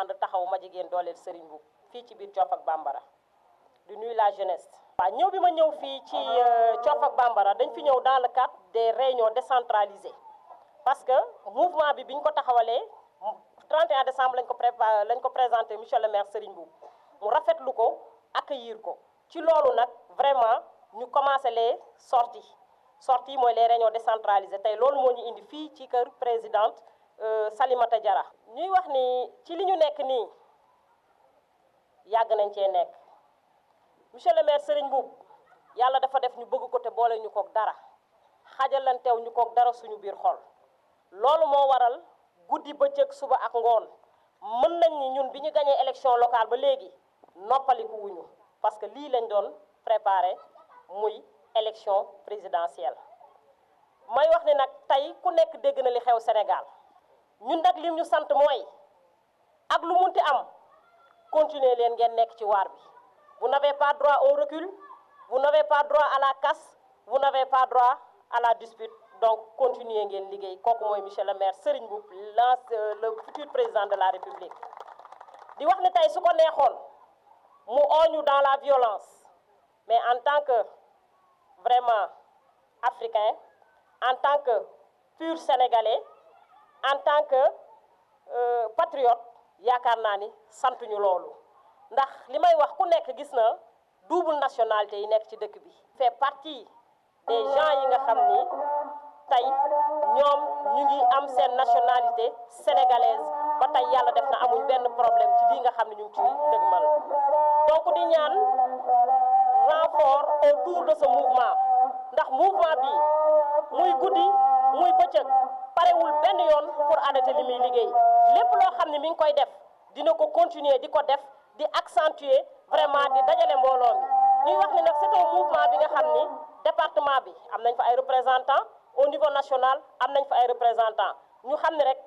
ànd taxaw ma jigéen dooleel Serigne bou fi ci biir Coof ak Bambara di nuyu la jeunesse. waaw ñëw bi ma ñëw ci euh, Coof ak Bambara dañ fi ñëw dans le cadre des réunions décentralisées parce que mouvement bi biñ ko taxawalé 31 décembre lañ ko préparé euh, lañ ko présenté monsieur le maire Serigne bou mu rafetlu ko accueillir ko ci lolu nak vraiment ñu commencé les sorties sorties moy les réunions décentralisées tay lolu mo ñu indi fi ci kër présidente. Euh, Salimata Jara ñuy wax ni ci li ñu nekk nii yàgg nañ cee nekk monsieur le maire Serigne Mboup yàlla dafa def ñu bëgg ko te boole ñu koog dara xajalanteew ñu koog dara suñu biir xol loolu moo waral guddi ba bëccëg suba ak ngoon mën nañ ni ñun bi ñu gañee élection locale ba léegi noppaliku wuñu parce que lii lañ doon préparé muy élection présidentielle may wax ni nag tey ku nekk dégg na li xew Sénégal ñun nag lim ñu sant mooy ak lu munti am continuer leen ngeen nekk ci waar bi vous n'avez pas droit au recul vous n'avez pas droit à la casse vous n'avez pas droit à la dispute donc continuez ngeen liggéey kooku mooy monsieur le maire Serigne lance le futur président de la République di wax ne tey su ko neexoon mu oñu dans la violence mais en tant que vraiment africain en tant que pur sénégalais en tant que euh, patriote yaakaar naa ni santuñu loolu ndax li may wax ku nekk gis na double nationalité yi nekk ci dëkk bi fait partie des gens yi nga xam ni tey ñoom ñu ngi am seen nationalité sénégalaise ba tey yàlla def na amuñ benn problème ci lii nga xam ne ñu ngi ciy dëgmal donc di ñaan renfort autour de ce mouvement ndax mouvement bi muy guddi bëccëg parewul benn yoon pour arrêter li muy liggéey lépp loo xam ne mi ngi koy def dina ko continuer di ko def di accentuer vraiment di dajale mbooloo mi ñuy wax ni nag c'est un mouvement bi nga xam ni département bi am nañ fa ay représentants au niveau national am nañ fa ay représentants ñu xam ne rek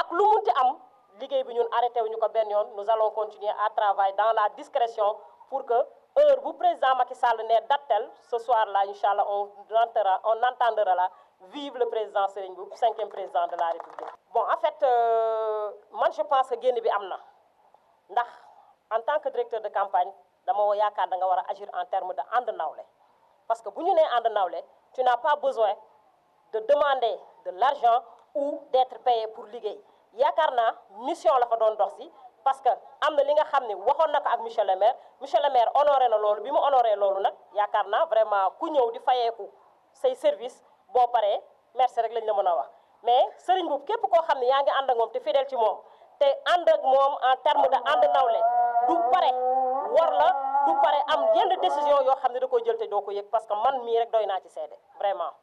ak lu munti am liggéey bi ñun arrêté wuñu ko benn yoon nous allons continuer à travailler dans la discrétion pour que heure bu président Macky Sall ne dattel ce soir là incha allah on entendra on entendra la vive le président Serigne 5 cinquième président de la République bon en fait euh, je pense que génn bi est en tant que directeur de campagne dama yaakaar da nga agir en termes de parce que si tu es tu n'as pas besoin de demander de l'argent ou d'être payé pour Il y a une mission la fa doon parce que amna li nga xam waxon waxoon ak Michel le maire Michel le maire honoré na lolu bima honoré loolu vraiment ku ñew di say service boo paree merci rek lañ la mën a wax mais sëriñ boobu képp koo xam ne yaa ngi ànd ak moom te fidèle ci moom te ànd ak moom en terme de ànd nawle du pare war la du pare am yenn décision yoo xam ne da koy jël te doo ko yëg parce que man mii rek doy naa ci seede vraiment